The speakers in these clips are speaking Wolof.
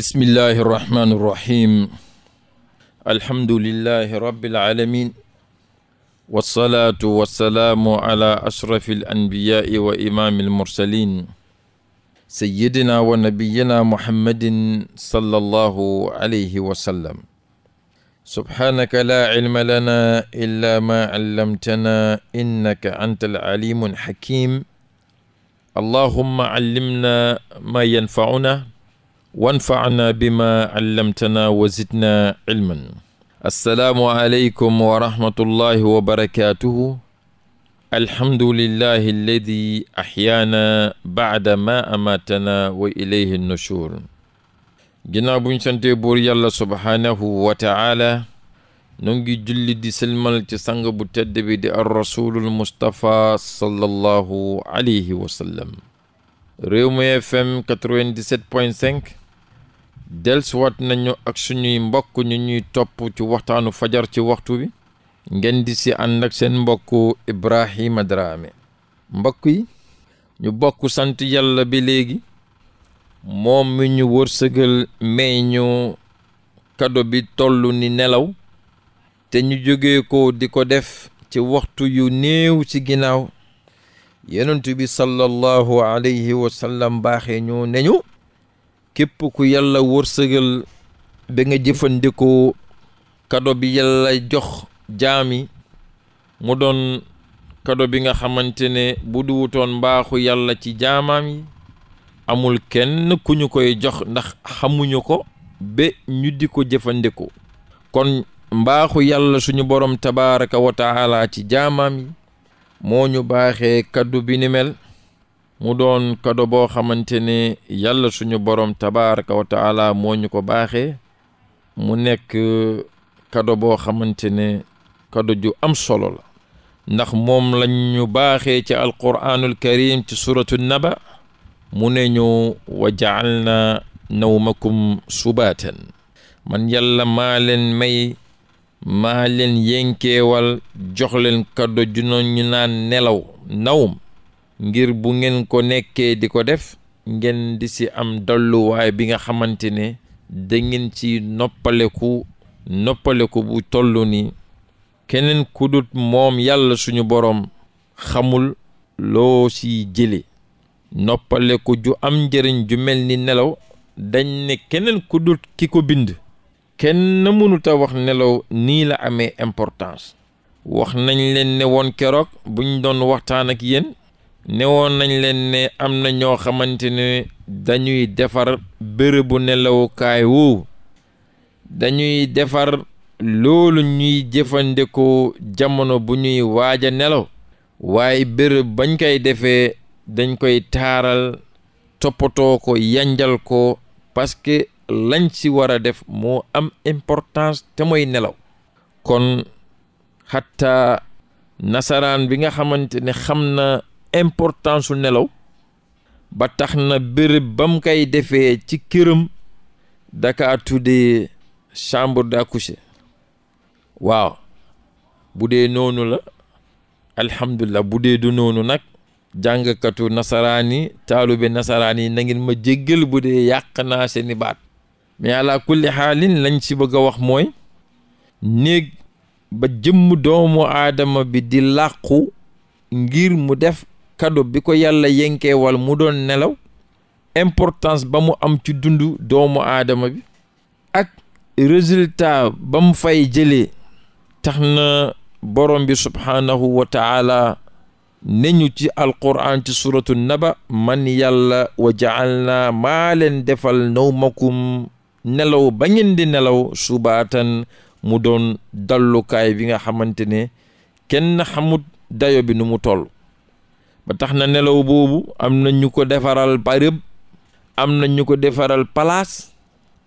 bismillahi irrahmani irrahim alhamdulillahi rabbil alamin walsalaatu walsalaamu ala ashrafi alanbiyaai wa imaami almursalin sayidina wa nabiyina muhammadin sallallahu alayhi wa sallam subhaanaka laa cilma lana illa ma callamtana innaka anta alcalimu alxakim allahumma callimna ma yanfacuna wanfaanaa bimaa allamtanaa wa zidnaa ilman assalaamu aleykum wa rahmatullahi wa barakaatuhu alhamdulillahi alladi axyaana baada ma amaatanaa wa ilayhi nushur ginnaaw buñ santee buur yàlla subhaanahu wa taala nu ngi julli di sëlmal ci sang bu tedd bi di ar rasulul mustapha sallallahu alayhi wa sallam réew mi FM 97.5 dellusiwaat nañu ak suñuy mbokk ñu ñuy topp ci waxtaanu fajar ci waxtu wi ngeen di si ànd ak seen mbokku Ibrahima Dramé mbokk yi ñu bokk sant yalla bi léegi moom mi ñu wërsëgal may ñu kado bi tollu ni nelaw te ñu jóge ko di ko def ci waxtu yu néew ci ginnaaw yonent bi sallallahu alayhi wa sallam baaxee ñu ne ñu képp ku yàlla wërsëgal ba nga jëfandikoo kado bi yàlla jox jaami mu doon kado bi nga xamante ne bu du wutoon mbaaxu yàlla ci jaamaam amul kenn ku ñu koy jox ndax xamuñu ko ba ñu di ko jëfandikoo kon mbaaxu yàlla suñu borom tabaaraka wa ci jaamaam yi moo ñu baaxee kaddu bi ni mu doon kado boo xamante ne yàlla suñu borom tabaraka wa taala moo ñu ko baaxee mu nekk kado boo xamante ne kado ju am solo la ndax moom lañ ñu baaxee ci alquraanul karim ci suratu naba mu ne ñu wa jaalna nawmakum subaatan man yàlla maa leen may maa leen yénkeewal jox leen kado ju noon ñu naan nelaw nawm ngir bu ngeen ko nekkee di ko def ngeen di ci am dolluwaay bi nga xamante ne dangeen ngeen ci noppaleku noppaleku bu toll ni keneen ku dut moom yàlla suñu boroom xamul loo si jële noppaleku ju am njëriñ ju mel ni nelaw dañ ne keneen ku dut ki ko bind kenn mënuta wax nelaw nii la amee importance wax nañu leen ne woon keroog buñ doon waxtaan ak yéen newoon nañ leen ne am na ñoo xamante ne dañuy defar bërëbu nelawukaay woowu dañuy defar loolu ñuy jëfandikoo jamono bu ñuy waaj a nelaw waaye bërëb bañ koy defee dañ koy taaral toppatoo ko yanjal ko parce que lañ ci war a def moo am importance te nelaw kon xatta nasaraan bi nga xamante ne importance su nelaw ba tax na bërëb bam mu koy defee ci këram daka tuddee chambre d'accoucher waaw bu noonu la alhamdulilah bu dee du noonu nag jàngkatu nasaraani taalube nasaraani na ngeen ma jéggal bu dee yàq naa seeni baat mais ala kulli xaalin lañ ci bëgg a wax mooy néeg ba jëmm doomu aadama bi di làqu ngir mu def kado bi ko yàlla yenkeewal mu doon nelaw importance ba mu am ci dundu doomu aadama bi ak résultat ba mu fay jëlee tax na borom bi subhaanahu wa taala ci alquran ci suratu naba man yàlla wa jaal naa maa leen defal nawmakum nelaw ba ngeen di nelaw subaatan mu doon dallukaay bi nga xamante ne kenn xamut dayo bi nu mu toll ba tax na nelaw boobu am na ñu ko defaral bërëb am na ñu ko defaral palaas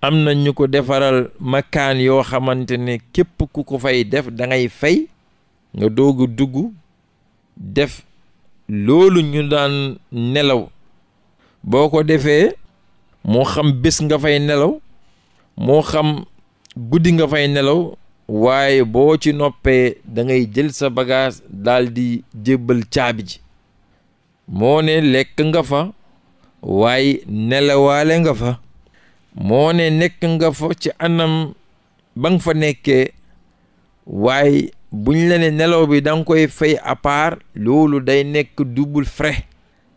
am na ñu ko defaral makaan yoo xamante ne képp ku ko fay def dangay ngay fay nga doog dugg def loolu ñu daan nelaw boo ko defee moo xam bés nga fay nelaw moo xam guddi nga fay nelaw waaye boo ci noppee dangay jël sa bagaas daal di jébbal caabi ji moo lekk nga fa waaye nelawaale nga fa moone nekk nga fa ci anam bang fa nekkee waaye buñ la ne nelaw bi da koy fay à part loolu day nekk double fre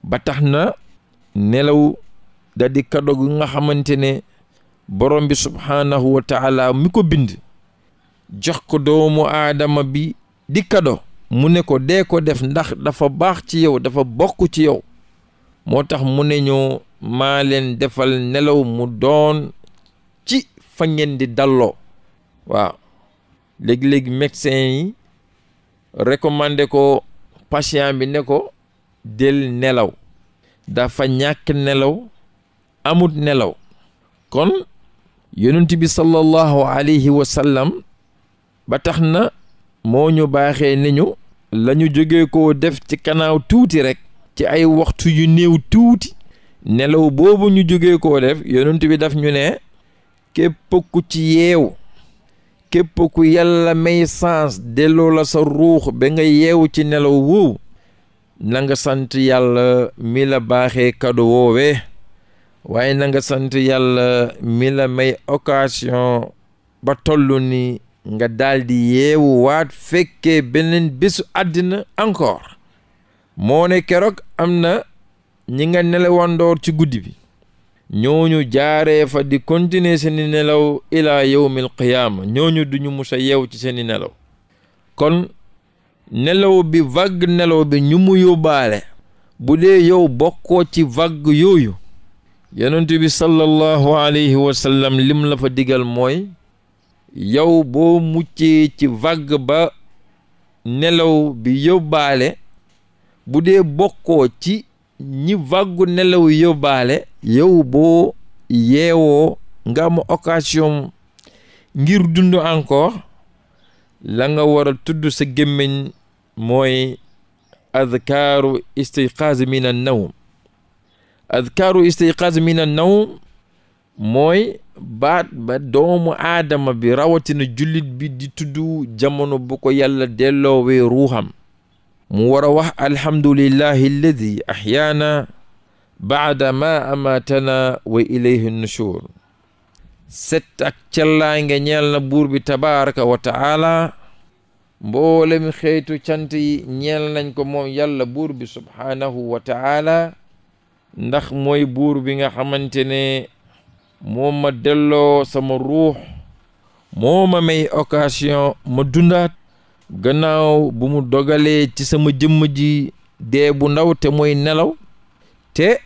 ba tax na nelaw da di kado nga xamante ne borom bi subhaanahu wa taala mi ko bind jox ko doomu aadama bi di kado mu ne ko dee ko def ndax dafa baax ci yow dafa bokk ci yow moo tax mu ne ñu maa leen defal nelaw mu doon ci fa ngeen di dalloo waaw léegi-léegi médecin yi recommandé ko patient bi ne ko del nelaw dafa ñàkk nelaw amut nelaw kon yonent bi sallallahu alayhi wa ba tax na moo ñu baaxee ni ñu la ñu jóge ko def ci kanaaw tuuti rekk ci ay waxtu yu néew tuuti nelaw boobu ñu jóge koo def yonent bi daf ñu ne képp ku ci yeew képp ku yàlla may sens delloo la sa ruux ba nga yeewu ci nelaw woowu na nga sant yàlla mi la baaxee kaddu woowee waaye na nga sant yàlla mi la may occasion ba toll ni nga daldi yeewu waat fekkee beneen bésu àddina encore moone ne keroog am na ñi nga nelawandoor ci guddi bi ñooñu jaaree fa di continuer seeni nelaw ilaa yawmil qiyaama ñooñu duñu musa yeew ci seeni nelaw kon nelaw bi vague nelaw bi ñu mu yóbbaale bu dee yow bokkoo ci vague yooyu yonent bi sallallahu alayhi wa sallam lim la fa digal mooy yow boo muccee ci vague ba nelaw bi yóbbaale bu dee bokkoo ci ñi vaggu nelaw yóbbaale yow boo yeewoo nga am occasion ngir dund encore la nga war a tudd sa gémmiñ mooy adkaaru istiqaaz min an nawm adkaaru istiqaaz min an nawm mooy baat ba doomu aadama bi rawatina jullit bi di tudd jamono bu ko yàlla delloowee ruuxam mu war wax alhamdulillahi alladi ahyaana baada ma amaatana wa ilayhi nushur set ak cellaay nga ñeel na buur bi tabaraka wa ta'ala xeetu cant yi ñeel nañ ko moom yàlla buur bi subhaanahu wa ndax mooy buur bi nga xamante moo ma delloo sama ruux moo ma may occasion ma dundaat ganaaw bu mu dogalee ci sama jëmm ji dee bu ndaw te mooy nelaw te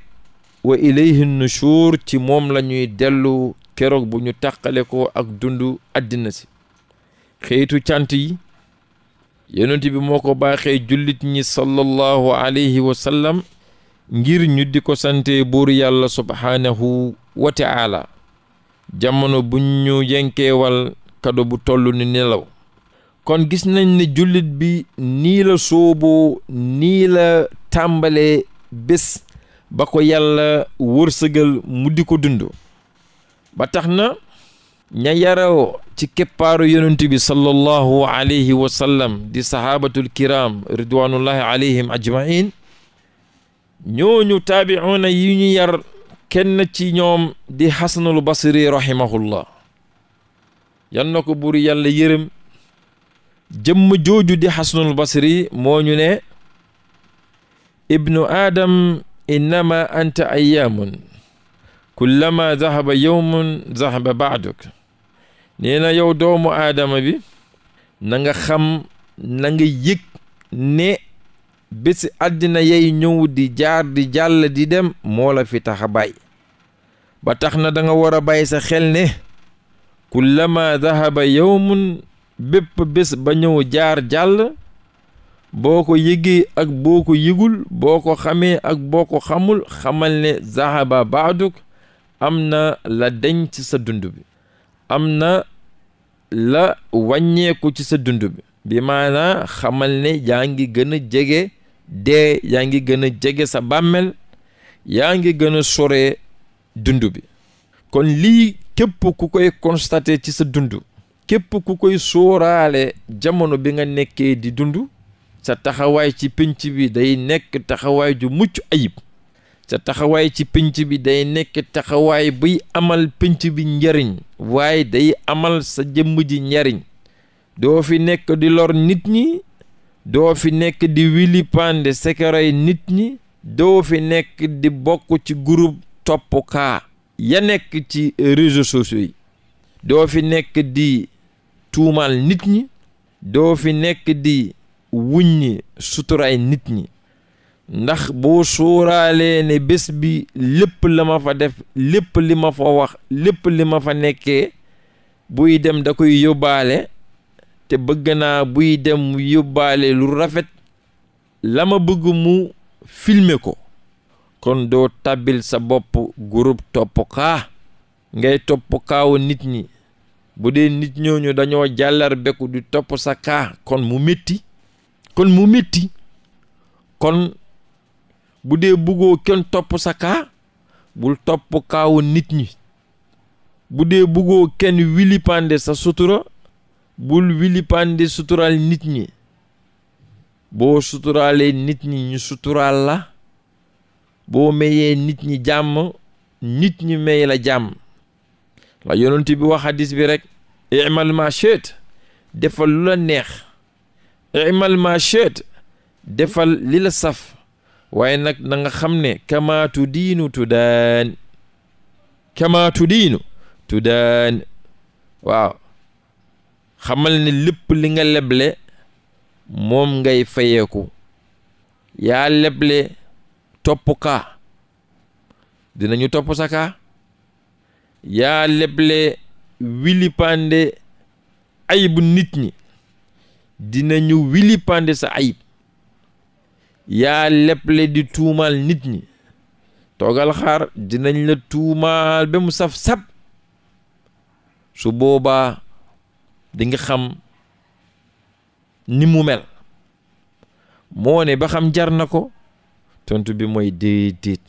wa ilayhi nushur ci moom lañuy ñuy dellu keroog bu ñu tàqale ko ak dundu àddina si xeetu cant yi yonent bi moo ko baaxee jullit ñi sallallahu alayhi wa sallam ngir ñu di ko sante buur yàlla subhaanahu wa taala jamono bu ñu yenkeewal kado bu toll ni nelaw kon gis nañ ne jullit bi nii la sóoboo nii la tàmbalee bés ba ko yàlla wërsëgal mu di ko dund ba tax na ña yaraw ci keppaaru yonent bi sallallahu alayhi wa di sahabatul kiram ridwanullahi alayhim ajmain ñooñu taabi'una yi kenn ci ñoom di xasanul basri rahimahullah yan na ko buur yàlla yërëm jëmm jooju di xasanul basri moo ñu ne ibnu aadam innama anta ayyaamun kullama zahaba yowmun zahaba baaduk nee na yow doomu aadama bi na nga xam na nga ne bési àddina yey ñëw di jaar di jàll di dem moola fi tax a ba tax na danga war a bàyyi sa xel ne kullama yow yowmun bépp bés ba ñëw jaar jàll boo ko yëgee ak boo ko yëgul boo ko xamee ak boo ko xamul xamal ne zahaba baaduk am na la deñ ci sa dund bi am na la wàññeeku ci sa dund bi bi maanaa xamal ne jaangi gëna jege dee yaa ngi gën a jege sa bàmmeel yaa ngi gëna a sore dund bi kon lii képp ku koy constater ci sa dund képp ku koy sóoraale jamono bi nga nekkee di dund sa taxawaay ci pénc bi day nekk taxawaay ju mucc ayib sa taxawaay ci pénc bi day nekk taxawaay buy amal pinc bi njariñ waaye day amal sa jëmm ji njariñ doo fi nekk di lor nit ñi doo fi nekk di wili pande sekerey nit ñi doo fi nekk di bokk ci groupe toppkaa ya nekk ci réseaux sociaux yi doo fi nekk di tuumal nit ñi doo fi nekk di wuññi suturaay nit ñi ndax boo sóoraalee ne bés bi lépp la fa def lépp li ma fa wax lépp li fa nekkee buy dem da koy yóbbaale te bëgg naa buy dem mu lu rafet lama bëgg mu filmer ko kon doo tabil sa bopp groupe topp kaa ngay topp kaawu nit ñi bu dee nit ñooñu dañoo jàllar beku di topp sa kaa kon mu métti kon mu métti kon bu dee bëggoo kenn topp sa kaa bul topp kaawu nit ñi bu dee bëggoo kenn wilipande sa sutura bul wilipande suturaal nit ñi boo suturaalee nit ñi ñu la boo mayee nit ñi jàmm nit ñi may la jàmm la yonent bi wax bi rek imal ma chet defal lu neex imal ma chet defal li saf waaye nag na xam ne kamaatu diinu tuddaan kamaatu diinu tuddaan waaw xamal ne lépp li nga leble moom ngay fayeeku yaa leble topp kaa dinañu topp sa kaa yaa leble wilipande ayibu nit ñi dinañu wilipande sa ayib yaa leble di tuumaal nit ñi toogal xaar dinañ la tuumaal ba mu saf-sab su boobaa dinga xam ni mu mel moo ne ba xam jar na ko tontu bi mooy diit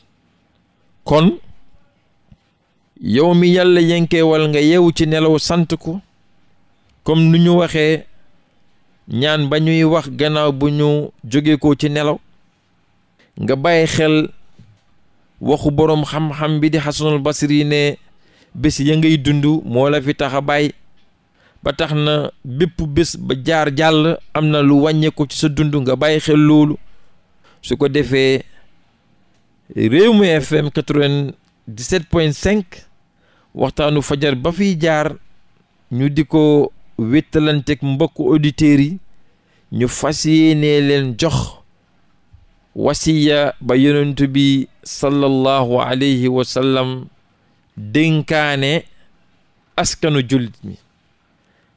kon yow mi yàlla yenkeewal nga yeewu ci nelaw sant ko comme nu ñu waxee ñaan ba ñuy wax gannaaw bu ñu jóge ko ci nelaw nga bàyyi xel waxu boroom xam-xam bi di xasanul yi ne bés ya ngay dund moo la fi tax a bàyyi ba tax na bépp bés ba jaar jàll am na lu wàññeeku ci sa dund nga bàyyi xel loolu su ko defee réew mi FM 97 waxtaanu fajar ba fi jaar ñu di ko wéttalanteeg mbokk auditeurs yi ñu fas yéenee leen jox wasiya ba yonent bi sallallahu alayhi wa sallam dénkaane askanu jullit mi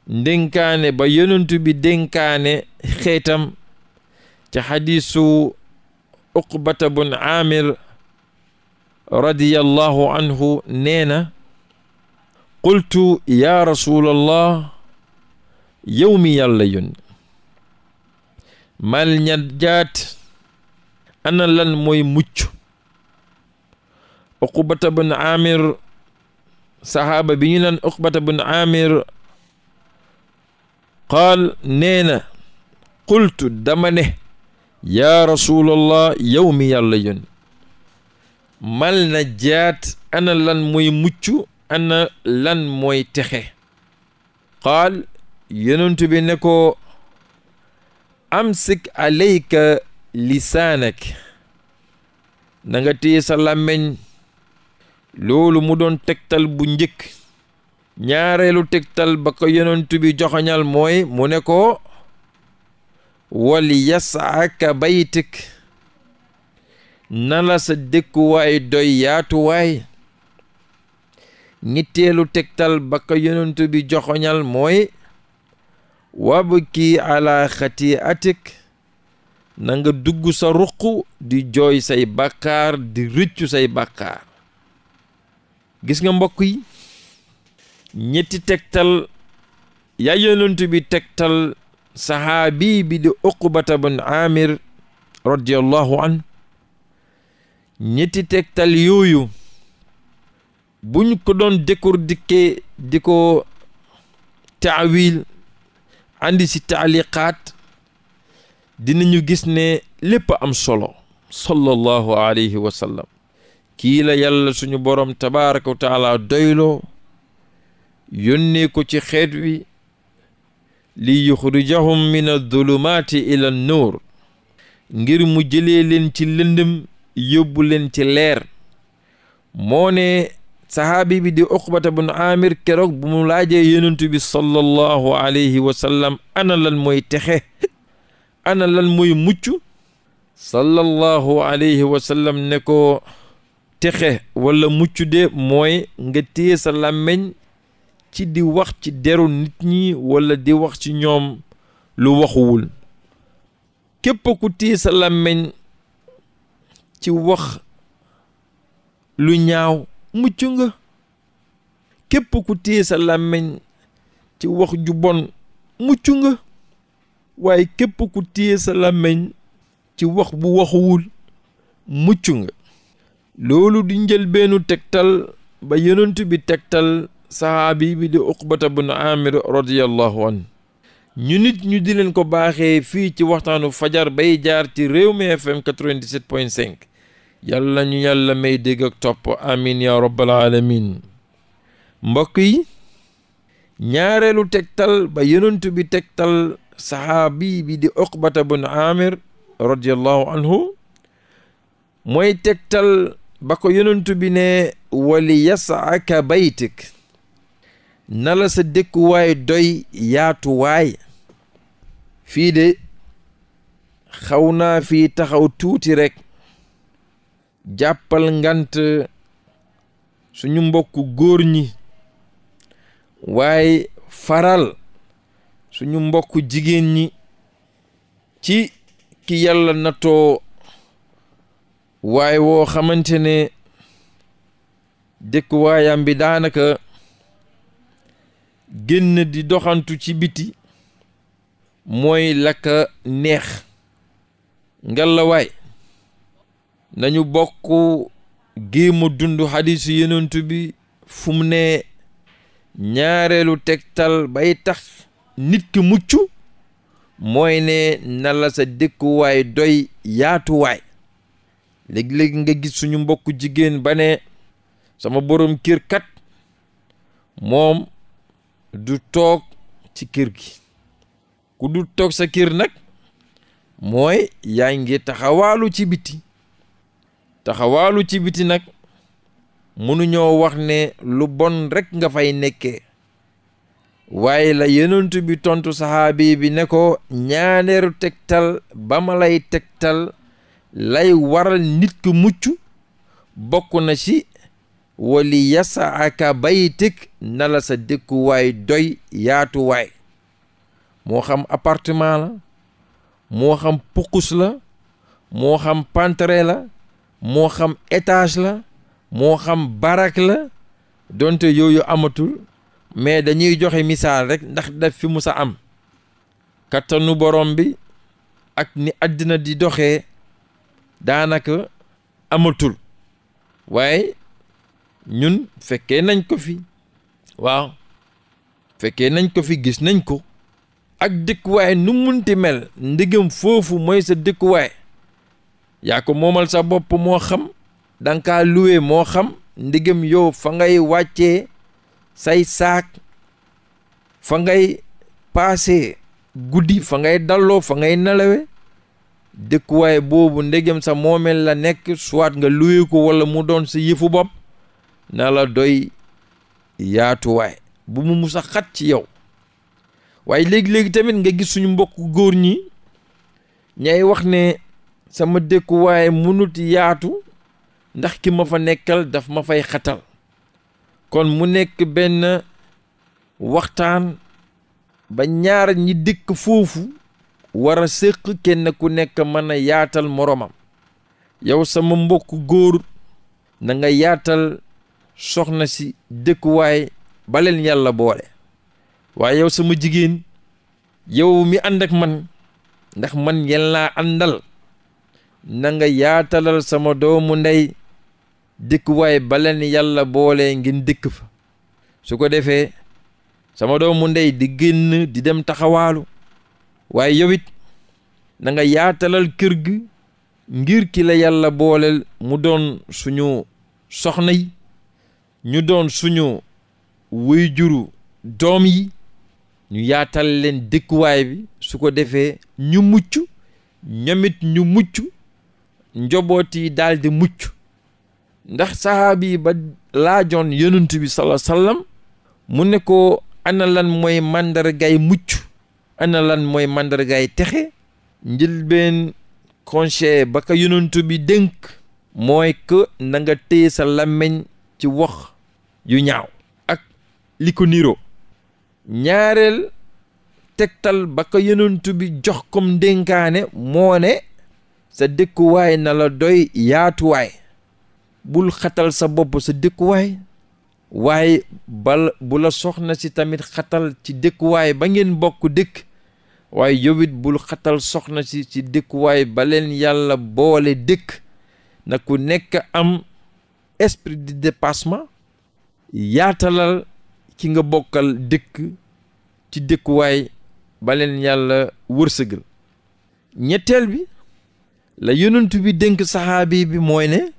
ndénkaane ba yonentu bi dénkaane xeetam ci xadiisu uqbata bun aamir radiyallahu anhu nee qultu yaa rasulallah yow mi yàlla yónni mal ñajaat ana lan mooy mucc uqbata bun aamir sahaaba bi uqbata bun aamir qaal nee na qultu dama ne yaa rasulallah yow mi yàlla yónni mal na jaat ana lan mooy mucc ana lan mooy texe qaal yonent bi ne ko amsik aleyka lisaanak na nga téye sa làmmeñ loolu mu doon tegtal bu njëkk ñaareelu tegtal ba ko yonent bi joxoñal mooy mu ne ko wal yasaaka baytik na sa dëkkuwaay doy yaatuwaay ñetteelu tegtal ba ko yonent bi joxoñal mooy wabki ala xatiatik na nga dugg sa ruq di jooy say bàkkaar di rëccu say bàkkaar gis nga mbokk yi ñetti tegtal ya yonent bi tegtal sahaabi bi di uqbata bun amir radiallahu an ñetti tegtal yooyu buñ ko doon décortiquer di ko taawil andi si taaliqaat dinañu gis ne lépp am solo sallallahu alayhi wa sallam kii suñu borom tabaraka wa taala yónnee ko ci xeet wi li yuxrijahum min adulumaati ila nuur ngir mu jëlee leen ci lëndëm yóbbu leen ci leer moo ne sahaabi bi di uqbata bun amir keroog bu mu sallallahu alayhi wa ana lan mooy texe ana lan mooy mucc sallallahu alayhi wa sallam ne ko texe wala mucc de mooy nga téye sa làmmeñ ci di wax ci deru nit ñi walla di wax ci ñoom lu waxuwul képp ku ci wax ñaaw mucc ku téye sa làmmiñ ci wax ju bon mucc nga waaye képp ku téye sa làmmiñ ci wax bu waxuwul mucc nga loolu di njëlbeenu tegtal ba yonent bi tegtal sahaabi bi di uqbata bun amir radiyallahu an ñu nit ñu di ko baaxee fii ci waxtaanu fajar bay jaar ci réew mi fm 97 yàlla ñu yàlla may dégg topp amin ya rabbal alamin mbokk yi ñaareelu tegtal ba yonentu tegtal sahaabi di uqbata bun amir radiyallahu anhu mooy tegtal ba ko yonentu ne wali yasaaka baytik na la sa dëkkuwaay doy yaatuwaay fii de xaw naa fi taxaw tuuti rek jàppal ngant suñu mbokku góor ñi waaye faral suñu mbokku jigéen ñi ci ki yàlla natoo waaye woo xamante ne dëkkuwaayam bi daanaka génn di doxantu ci biti mooy lakk neex ngalawaay nañu bokk géema dund xadisu yenentu bi fum ne ñaareelu tegtal bay tax nit ki mucc mooy ne nala sa dëkkuwaay doy yaatuwaay léegi-léegi nga gis suñu mbokk jigéen ba sama borom kër kat moom du toog ci kër gi ku du toog sa kër nag mooy yange ngi taxawaalu ci biti taxawaalu ci biti nag mënuñoo wax ne lu bon rekk nga fay nekkee waaye la yenentu tontu saxaabi bi ne ko ñaaneeru tegtal ba lay tegtal lay waral nit ku mucc bokk na ci wali yasaaka baytik na la sa dëkkuwaay doy yaatuwaay moo xam appartement la moo xam pukus la moo xam pantre la moo xam étage la moo xam barak la donte yooyu amatul mais dañuy joxe misaal rekk ndax daf fi musa am kattanu borom bi ak ni àddina di doxee daanaka amatul waaye ñun fekkee nañ ko fi waaw fekkee nañ ko fi gis nañ ko ak dëkkuwaay nu munti mel ndigam foofu mooy sa dëkkuwaay yaa ko moomal sa bopp moo xam danga kaa luwe moo xam ndigam yow fa ngay wàccee say saak fa ngay paase guddi fa ngay dalloo fa ngay nelawe dëkkuwaay boobu ndegem sa moomeel la nekk soit nga luwe ko walla mu doon sa yëfu bopp na la doy yaatuwaay bu mu musa xat ci yow waaye léegi-léegi tamit nga gisuñu suñu mbokk góor ñi ñay wax ne sama dëkkuwaay mënut yaatu ndax ki ma fa nekkal daf ma fay xatal kon mu nekk benn waxtaan ba ñaar ñi dëkk foofu wara a séq kenn ku nekk mën a yaatal moroomam yow sama mbokk góor na yaatal soxna si dëkkuwaay ba leen yàlla boole waaye yow sama jigéen yow mi ànd man ndax man yal naa àndal na nga yaatalal sama doomu ndey dëkkuwaay ba leen yàlla boole ngeen dëkk fa su ko defee sama doomu ndey di génn di dem taxawaalu waaye yow it na nga yaatalal kër gi ngir kila la yàlla booleel mu doon suñu soxna ñu doon suñu way juru doom yi ñu yaatal leen dikkuwaay bi su ko defee ñu mucc ñamit ñu mucc njoboot yi daldi mucc ndax sahaabi yi ba laajoon yonent bi mu ne ko ana mooy màndargaay mucc ana mooy màndargaay texe njëlbeen conseil ba ka yonent bi dénk mooy que na nga sa làmmiñ ci wax yu ñaaw ak li ko niroo ñaareel tegtal ba ko yenentu bi jox kom dénkaane moo ne sa dëkkuwaay na la doy yaatuwaay bul xatal sa bopp sa dëkkuwaay waaye bal bu la soxna si tamit xatal ci dëkkuwaay ba ngeen bokk dëkk waaye yowit bul xatal soxna si ci dëkkuwaay ba leen yàlla boole dëkk na ku nekk am esprit de dépassement yaatalal ki nga bokkal dëkk ci dëkkuwaay ba yàlla wërsëgal ñetteel bi la yonent bi dénk saxaabi bi mooy ne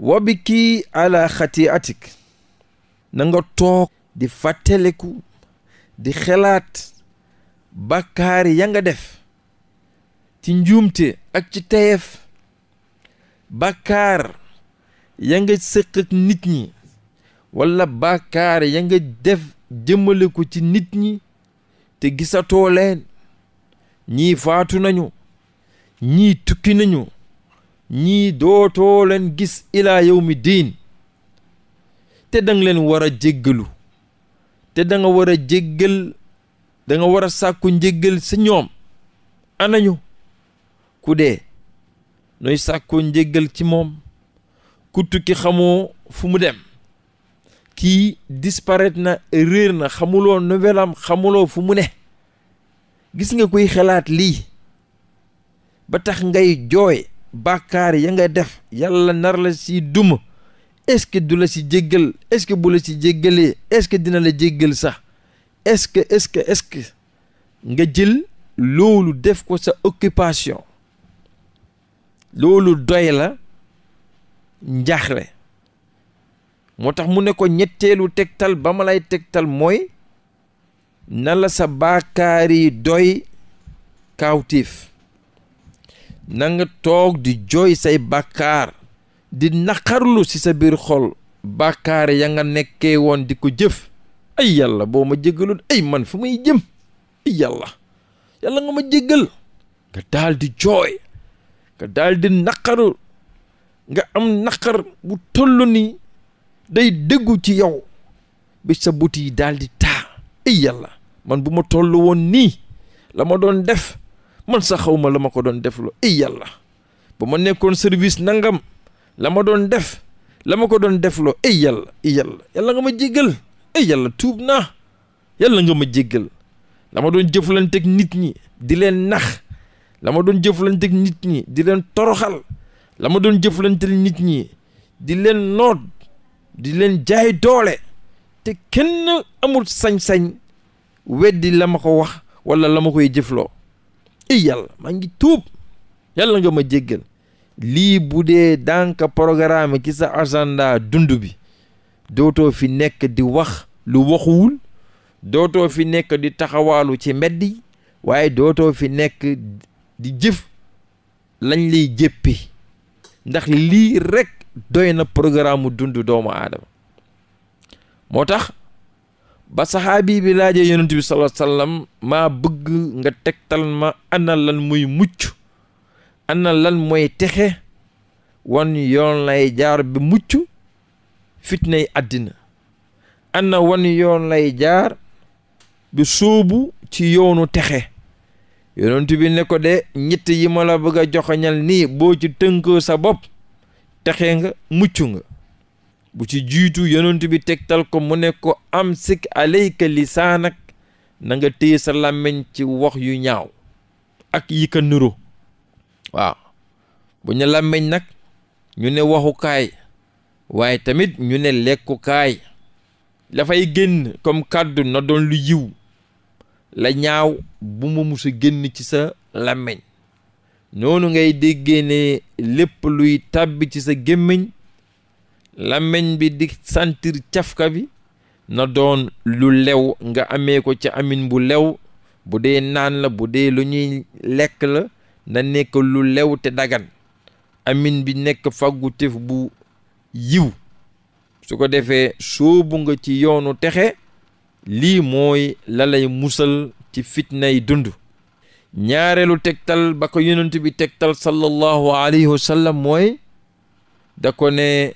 wa bi atik nanga toog di fàtteleku di xelaat bàkkaari ya def ci njuumte ak ci teyef bàkkaar ya nga sëq nit ñi walla bàkkaar ya nga def jëmale ko ci nit ñi te gisatoo leen ñii faatu nañu ñii tukki nañu ñii dootoo leen gis ilaa mi diin te danga leen war a jéggalu te da nga war a jéggal da nga sàkku njéggal si ñoom anañu ku dee nooy sàkku njéggal ci moom ku tukki xamoo fu mu dem kii disparaître na réer na xamuloo nouvelle xamuloo fu mu ne gis nga koy xalaat lii ba tax ngay jooy bàkkaar ya nga def yàlla nar la si duma est du la si jéggal est-ce que bu la si jéggalee est-ce dina la jéggal sax est-ce que ce que est nga jël loolu def ko sa occupation loolu doy la njaxle moo tax mu ne ko ñetteelu tegtal ba ma lay tegtal mooy na la sa baakaar doy kaawtiif na nga toog di jooy say bàkkaar di naqarlu ci sa biir xol bàkkaar ya nga nekkee woon di ko jëf ay yàlla boo ma jéggalul ay man fu may jëm ay yàlla yàlla nga ma jéggal nga daal di jooy nga daal di naqaru nga am naqar bu toll nii day déggu ci yow bi sa but yi daal di taa ay yàlla man bu ma tollu woon nii la ma doon def man sa xaw ma la ma ko doon def loo ay yàlla ba ma nekkoon service nangam la ma doon def la ma ko doon def loo ay yàlla yàlla nga ma jéggal ay yàlla tuub naa yàlla nga ma jéggal la ma doon jëflanteeg nit ñi di leen nax la ma doon jëflanteeg nit ñi di leen toroxal la ma doon jëflanteeg nit ñi di leen noot di leen jaay doole te kenn amul sañ-sañ weddi la ko wax wala la ma koy jëfloo i mangi maa ngi tuub yàlla nga ma jéggal lii bu dee dànka programme ci sa agenda dund bi dootoo fi nekk di wax lu waxuwul dootoo fi nekk di taxawaalu ci mbedd waaye dootoo fi nekk di jëf lañ lay jéppi ndax lii rekk doy na programme mu dund doomu aadama moo tax ba saxaabi bi laajee yonent bi sallallahu maa bëgg nga tegtal ma ana lan muy mucc ana lan mooy texe wan yoon lay jaar bi mucc fitnay àddina anna wan yoon lay jaar bi suubu ci yoonu texe yonent bi ne ko de ñett yi ma bëgg a joxoñal nii boo ci tënkoo sa bopp texee nga mucc nga bu ci jiitu yonent bi tegtal ko mu ne ko am sik alayka lisaanak na nga téye sa làmmiñ ci wax yu ñaaw ak yi ka nuro waaw bu ñu làmmiñ nag ñu ne waxukaay waaye tamit ñu ne lekkukaay dafay génn comme kàddu na doon lu yiw la ñaaw bu mu mus génn ci sa làmmiñ noonu ngay déggee ne lépp luy tàbbi ci sa gémmiñ làmmiñ bi di sentir cafka bi na doon lu lew nga amee ko ci amin bu lew bu dee naan la bu dee lu ñuy lekk la na nekk lu lew te dagan amiñ bi nekk faggu tef bu yiw su ko defee soobu nga ci yoonu texe lii mooy la musal ci fitnay dund ñaareelu tegtal ba ko bi tegtal sallallahu alayhi wa sallam mooy da ko ne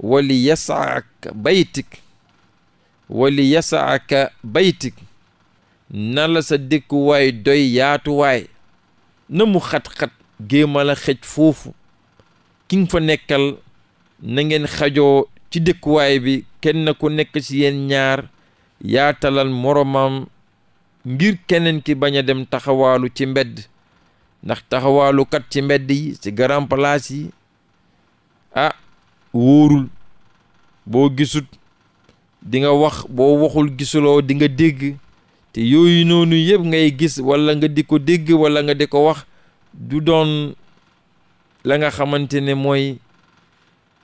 wali yasaaka baytik wali yasaaka baytik na la sa dëkkuwaay doy yaatuwaay na mu xat-xat géema la xëj foofu ki nga fa nekkal na ngeen xajoo ci dëkkuwaay bi kenn ku nekk ci yéen ñaar yaatalal moromam ngir keneen ki bañ a dem taxawaalu ci mbedd ndax taxawaalukat ci mbedd yi ci grand place yi ah wóorul boo gisut di wax boo waxul gisuloo dinga dégg te yooyu noonu yëpp ngay gis walla nga di ko dégg walla nga di ko wax du doon la nga xamante ne mooy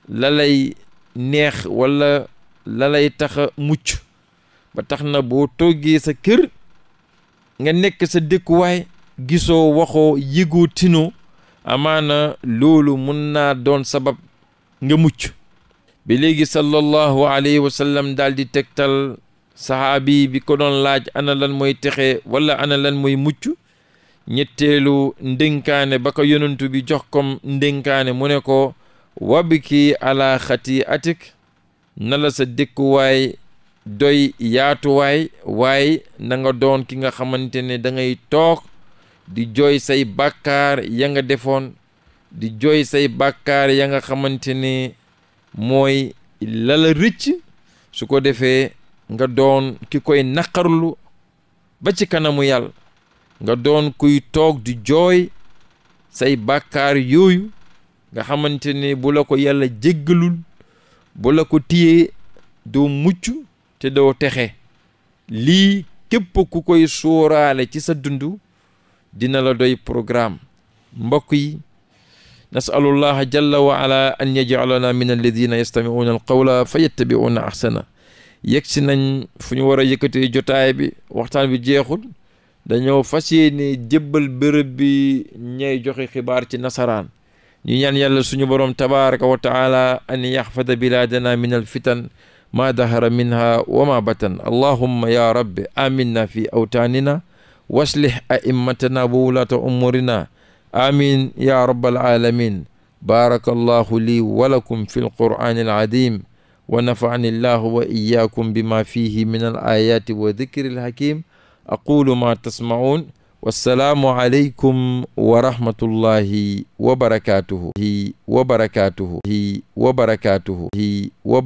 la lay neex walla la lay tax a mucc ba tax na boo toggee sa kër nga nekk sa dëkkuwaay gisoo waxoo yëgoo tinoo amaana loolu mun naa doon sabab nga mucc bi léegi sallallahu alayhi wa sallam daal di tegtal sahaabi bi ko doon laaj ana lan mooy texe wala ana lan mooy mucc ñetteelu ndénkaane ba ko bi jox kom ndénkaane mu ne ko wabki ala xati atik na sa dëkkuwaay doy yaatuwaay waaye na nga doon ki nga xamante ne da toog di jooy say bàkkaar ya nga defoon di jooy say bàkkaar ya nga xamante ne mooy lala rëcc su ko defee nga doon ki koy naqarlu ba ci kanamu yàlla nga doon kuy toog di jooy say bàkkaar yooyu nga xamante ne bu la ko yàlla jéggalul bu la ko téyee doo mucc te doo texe lii képp ku koy sóoraale ci sa dund dina la doy programme mbokk yi nasalullaha jalla wa ala an yajalana min alladina yastamiuuna alqawla fa si nañ fu ñu war a yëkkatee jotaay bi waxtaan bi jeexul dañoo fas yéene jébbal bërëb bi ñay joxe xibaar ci nasaraan ñu ñaan yàlla suñu borom tabaraka wa an yaxfada bilaadana min alfitan maa dahara minha wa ma batan allahumma ya rabbi aminna fi awtaanina waslih a'immatana wa wulaata umurina amin ya rabbal alamin baraka allahu lii wa lakum fi lqur'ani alazim wa nafa'ani allahu wa iyyakum bima fihi min alayati wa dhikri alhakim aqulu ma tasma'un wassalaamu aleykum wa rahmatullahi wa barakatuhu hi wa barakatuhu hi wa barakatuhu hi wa barakatuhu